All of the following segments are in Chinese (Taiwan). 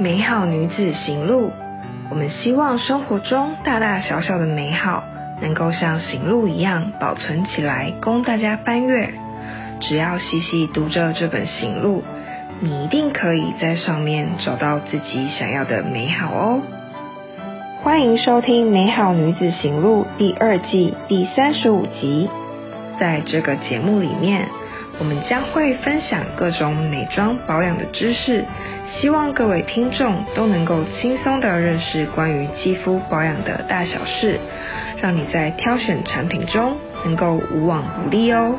美好女子行路，我們希望生活中大大小小的美好，能夠像行路一樣保存起來，供大家翻閱。只要細細讀着這本行路，你一定可以在上面找到自己想要的美好哦。歡迎收聽《美好女子行路》第二季第三十五集。在這個節目裡面。我們將會分享各種美妝保養的知識，希望各位聽眾都能夠輕鬆的認識關於肌膚保養的大小事，讓你在挑選產品中能夠無往不利哦。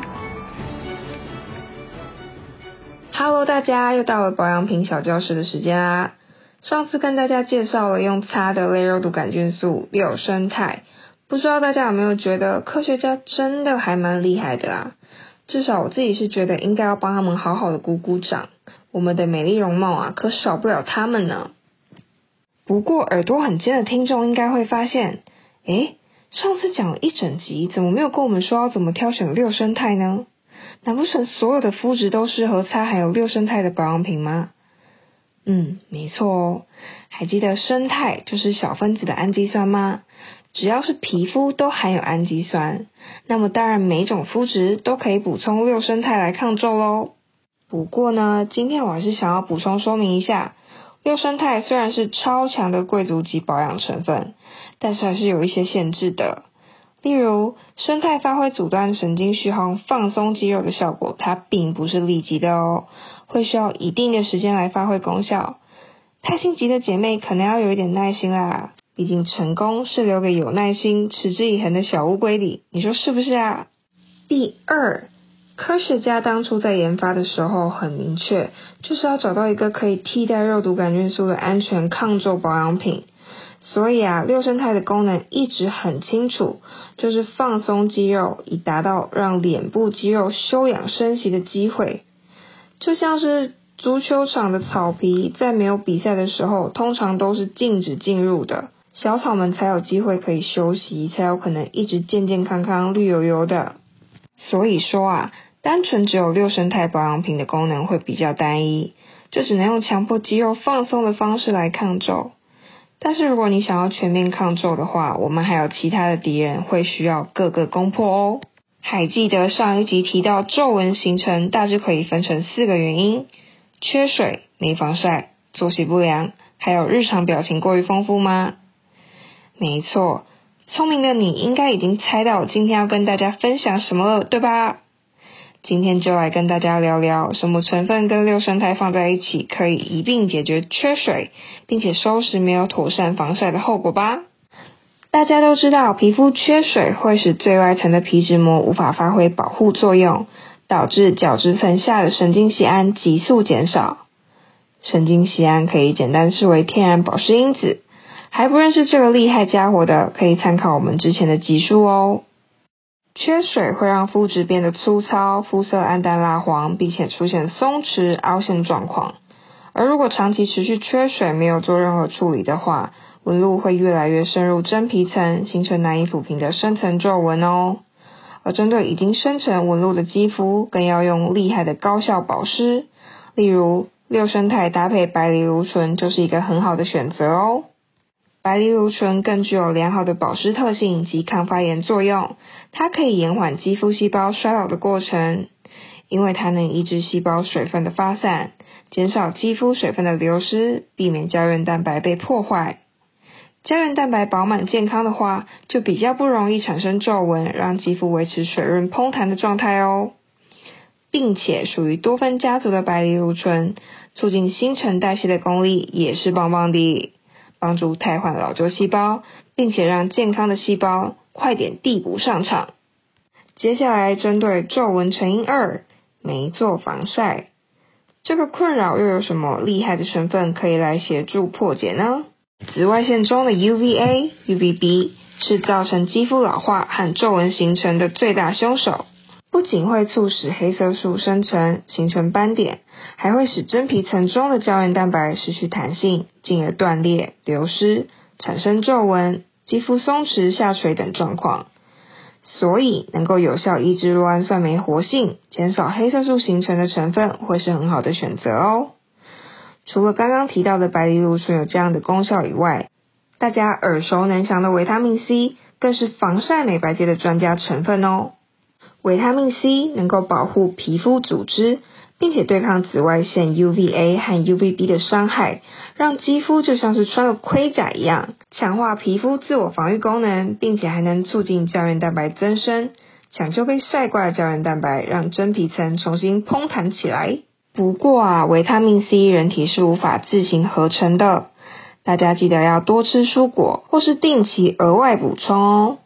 Hello，大家又到了保養品小教室的時間啦，啊。上次跟大家介紹了用擦的類肉毒桿菌素六勝肽，不知道大家有沒有覺得科學家真的還蠻厲害的啊？至少我自己是覺得應該要幫他們好好的鼓鼓掌，我們的美麗容貌啊，可少不了他們呢。不過耳朵很尖的聽眾應該會發現，誒，上次講了一整集，怎麼沒有跟我們說要怎麼挑選六勝肽呢？難不成所有的膚質都適合擦含有六勝肽的保養品嗎？嗯，沒錯哦。還記得勝肽就是小分子的氨基酸嗎？只要是皮膚都含有氨基酸，那麼當然每種膚質都可以補充六勝肽來抗皺嘍。不過呢，今天我還是想要補充說明一下，六勝肽雖然是超強的貴族級保養成分，但是還是有一些限制的。例如，勝肽發揮阻斷神經訊號、放鬆肌肉的效果，它並不是立即的哦，會需要一定的時間來發揮功效。太心急的姐妹可能要有一點耐心啦。已經成功是留給有耐心、持之以恆的小烏龜里，你說是不是啊？第二，科學家當初在研發的時候很明確，就是要找到一個可以替代肉毒桿菌素的安全抗皺保養品。所以啊，六勝肽的功能一直很清楚，就是放鬆肌肉，以達到讓臉部肌肉休養生息的機會。就像是足球場的草皮，在沒有比賽的時候，通常都是禁止進入的。小草們才有機會可以休息，才有可能一直健健康康、綠油油的。所以說啊，單純只有六勝肽保養品的功能會比較單一，就只能用強迫肌肉放鬆的方式來抗皺。但是如果你想要全面抗皺的話，我們還有其他的敵人會需要各個攻破哦。還記得上一集提到皺紋形成大致可以分成四個原因：缺水、沒防曬、作息不良，還有日常表情過於豐富嗎？沒錯，聰明的你應該已經猜到我今天要跟大家分享什麼了，對吧？今天就來跟大家聊聊什麼成分跟六勝肽放在一起可以一併解決缺水，並且收拾沒有妥善防曬的後果吧。大家都知道，皮膚缺水會使最外層的皮脂膜無法發揮保護作用，導致角質層下的神經酰胺急速減少。神經酰胺可以簡單視為天然保濕因子。還不認識這個厲害家伙的，可以參考我們之前的集數哦。缺水會讓膚質變得粗糙，膚色暗淡蠟黃，並且出現鬆弛凹陷狀況。而如果長期持續缺水，沒有做任何處理的話，紋路會越來越深入真皮層，形成難以撫平的深層皺紋哦。而針對已經生成紋路的肌膚，更要用厲害的高效保濕，例如六勝肽搭配白藜蘆醇就是一個很好的選擇哦。白藜蘆醇更具有良好的保濕特性及抗發炎作用，它可以延緩肌膚細胞衰老的過程，因為它能抑制細胞水分的發散，減少肌膚水分的流失，避免膠原蛋白被破壞。膠原蛋白飽滿健康的話，就比較不容易產生皺紋，讓肌膚維持水潤膨彈的狀態哦。並且屬於多酚家族的白藜蘆醇，促進新陳代謝的功力也是棒棒的。幫助替換老舊細胞，並且讓健康的細胞快點遞補上場。接下來，針對皺紋成因二，沒做防曬，這個困擾又有什麼厲害的成分可以來協助破解呢？紫外線中的 UVA、UVB 是造成肌膚老化和皺紋形成的最大兇手。不僅會促使黑色素生成，形成斑點，還會使真皮層中的膠原蛋白失去彈性，進而斷裂流失，產生皺紋、肌膚鬆弛下垂等狀況。所以，能夠有效抑制酪氨酸酶活性、減少黑色素形成的成分，會是很好的選擇哦。除了剛剛提到的白藜蘆醇有這樣的功效以外，大家耳熟能詳的維他命 C，更是防曬美白界的專家成分哦。維他命 C 能夠保護皮膚組織，並且對抗紫外線 UVA 和 UVB 的傷害，讓肌膚就像是穿了盔甲一樣，強化皮膚自我防禦功能，並且還能促進膠原蛋白增生，搶救被曬掛的膠原蛋白，讓真皮層重新蓬彈起來。不過啊，維他命 C 人體是無法自行合成的，大家記得要多吃蔬果，或是定期額外補充哦。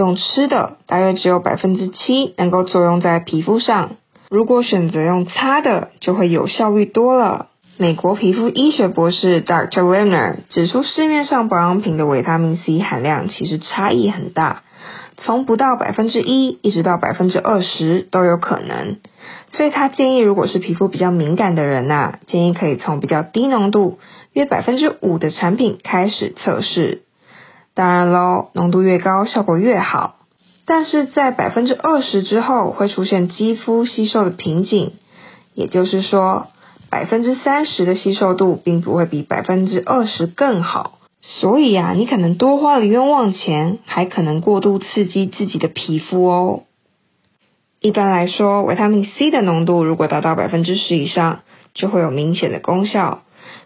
用吃的，大約只有百分之七能夠作用在皮膚上。如果選擇用擦的，就會有效率多了。美國皮膚醫學博士 Doctor Liner 指出，市面上保養品的維他命 C 含量其實差異很大，從不到百分之一，一直到百分之二十都有可能。所以他建議，如果是皮膚比較敏感的人吶、啊，建議可以從比較低濃度，約百分之五的產品開始測試。當然嘍，濃度越高，效果越好。但是在百分之二十之後，會出現肌膚吸收的瓶頸，也就是說，百分之三十的吸收度並不會比百分之二十更好。所以呀、啊，你可能多花了冤枉錢，還可能過度刺激自己的皮膚哦。一般來說，維他命 C 的濃度如果達到百分之十以上，就會有明顯的功效。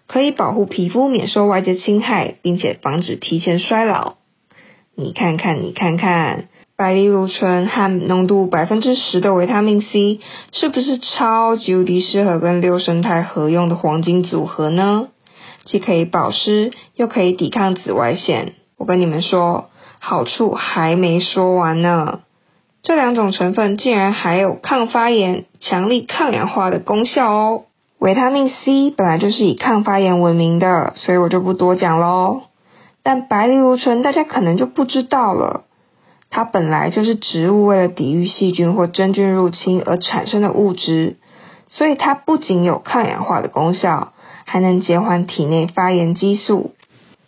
可以保護皮膚免受外界侵害，並且防止提前衰老。你看看，你看看，白藜蘆醇和濃度百分之十的維他命 C，是不是超級無敵適合跟六勝肽合用的黃金組合呢？既可以保濕，又可以抵抗紫外線。我跟你們說，好處還沒說完呢。這兩種成分竟然還有抗發炎、強力抗氧化的功效哦。維他命 C 本來就是以抗發炎聞名的，所以我就不多講嘍。但白藜蘆醇大家可能就不知道了，它本來就是植物為了抵禦細菌或真菌入侵而產生的物質，所以它不僅有抗氧化的功效，還能減緩體內發炎激素。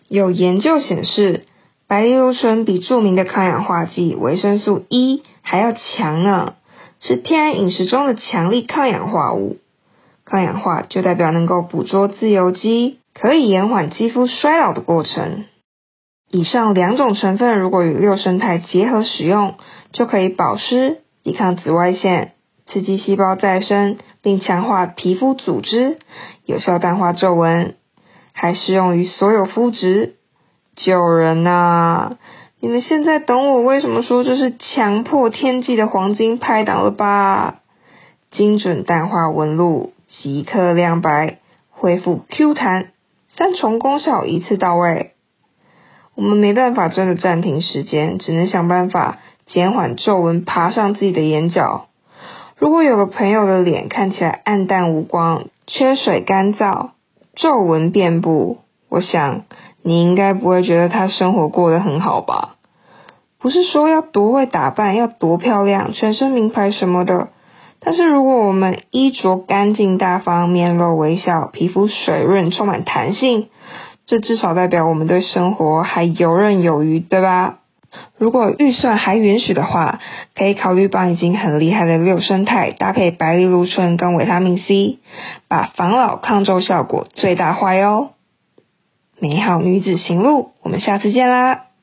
有研究顯示，白藜蘆醇比著名的抗氧化劑維生素 E 還要強呢，是天然飲食中的強力抗氧化物。抗氧化就代表能夠捕捉自由基，可以延緩肌膚衰老的過程。以上兩種成分如果與六勝肽結合使用，就可以保濕、抵抗紫外線、刺激細胞再生，並強化皮膚組織，有效淡化皺紋，還適用於所有膚質。救人吶、啊，你們現在懂我為什麼說這是強迫天際的黃金拍檔了吧？精準淡化紋路。即刻亮白，恢復 Q 彈，三重功效一次到位。我們沒辦法真的暫停時間，只能想辦法減緩皺紋爬上自己的眼角。如果有個朋友的臉看起來暗淡無光、缺水乾燥、皺紋遍佈，我想你應該不會覺得他生活過得很好吧？不是說要多會打扮，要多漂亮，全身名牌什麼的。但是如果我們衣着乾淨大方、面露微笑、皮膚水潤、充滿彈性，這至少代表我們對生活還游刃有餘，對吧？如果預算還允許的話，可以考慮幫已經很厲害的六勝肽搭配白藜蘆醇跟維他命 C，把防老抗皺效果最大化喲。美好女子行路，我們下次見啦！